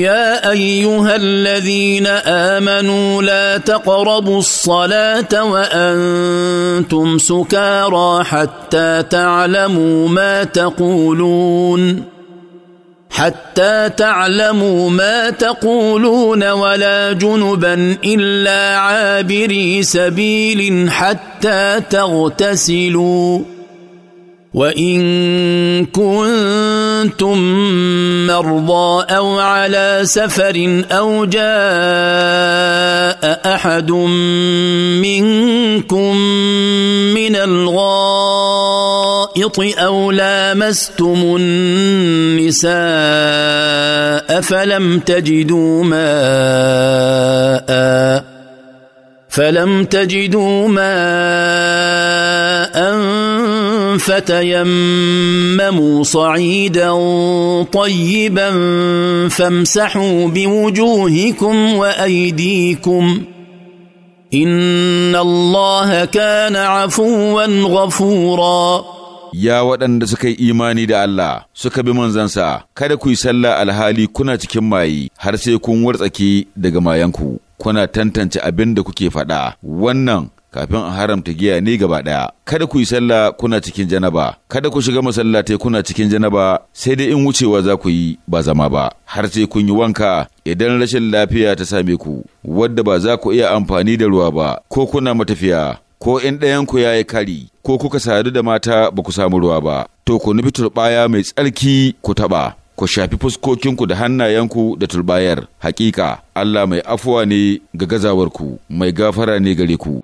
يا ايها الذين امنوا لا تقربوا الصلاه وانتم سكارى حتى تعلموا ما تقولون حتى تعلموا ما تقولون ولا جنبا الا عابري سبيل حتى تغتسلوا وان كنتم مرضى او على سفر او جاء احد منكم من الغائط او لامستم النساء فلم تجدوا ماء فلم تجدوا ماء فتيمموا صعيدا طيبا فامسحوا بوجوهكم وايديكم ان الله كان عفوا غفورا ya waɗanda suka yi imani da Allah suka bi manzansa kada ku yi sallah alhali kuna cikin mayi har sai kun wartsake daga mayanku kuna tantance abin da kuke faɗa wannan kafin a haramta giya ne gaba ɗaya. Kada ku yi sallah kuna cikin janaba, kada ku shiga masallatai kuna cikin janaba sai dai in wucewa za ku yi ba zama ba, har sai kun yi wanka idan rashin lafiya ta same ku, wadda ba za ku iya amfani da ruwa ba, ko kuna matafiya, ko in ɗayan ya yi kari, ko kuka sadu da mata ba ku samu ruwa ba, to ku nufi turɓaya mai tsarki ku taɓa. ku shafi fuskokinku da hannayenku da turɓayar. hakika Allah mai afuwa ne ga gazawarku, mai gafara ne gare ku.